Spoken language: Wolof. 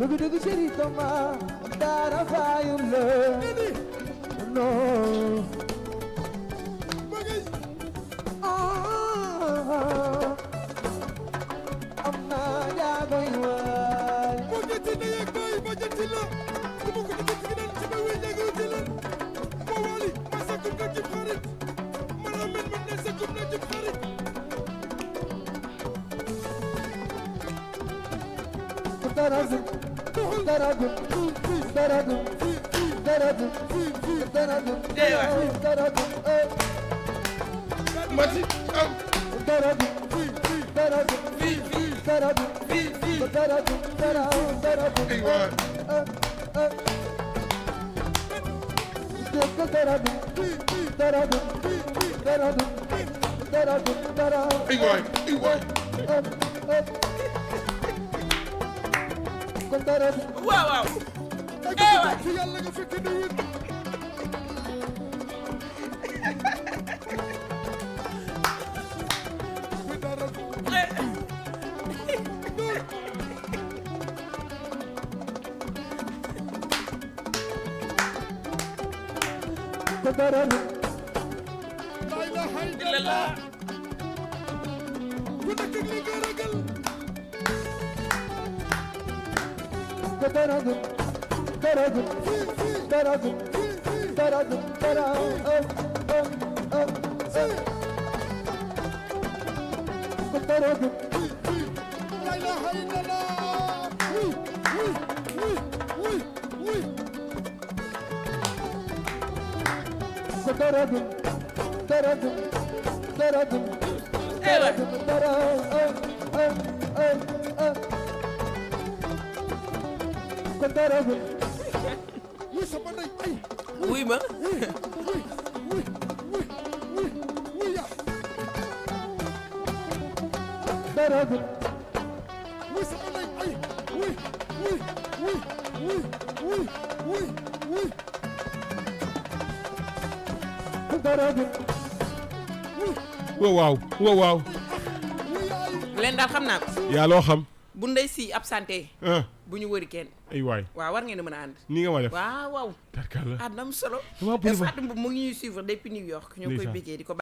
dëgg dëgg chéri Thomas dara fayul la non am na jaagoy waay danado, danado, danado, danado, danado, danado, mas danado, danado, danado, danado, danado, danado, danado, danado, danado, danado, igual, igual. قدرت واو واو ايوه يلا قفلت النيم قدرت لا اله الا الله كنت تقلق رجل tarado, tarado, tarado, tarado, tarado, tarado, tarado. لا إله إلا الله تردم تردم تردم تردم تردم wuy ma waaw waaw waaw. leen daal xam naa ko. yaa loo xam. bu ndey si absenté. Ah. bu ñu wëri kenn. ay waay waaw war ngeen a mën a ànd. ni nga ma def waaw waaw. d' accord ah dama solo. mu ngi ñuy suivre depuis New York. ñoo koy bëggee di ko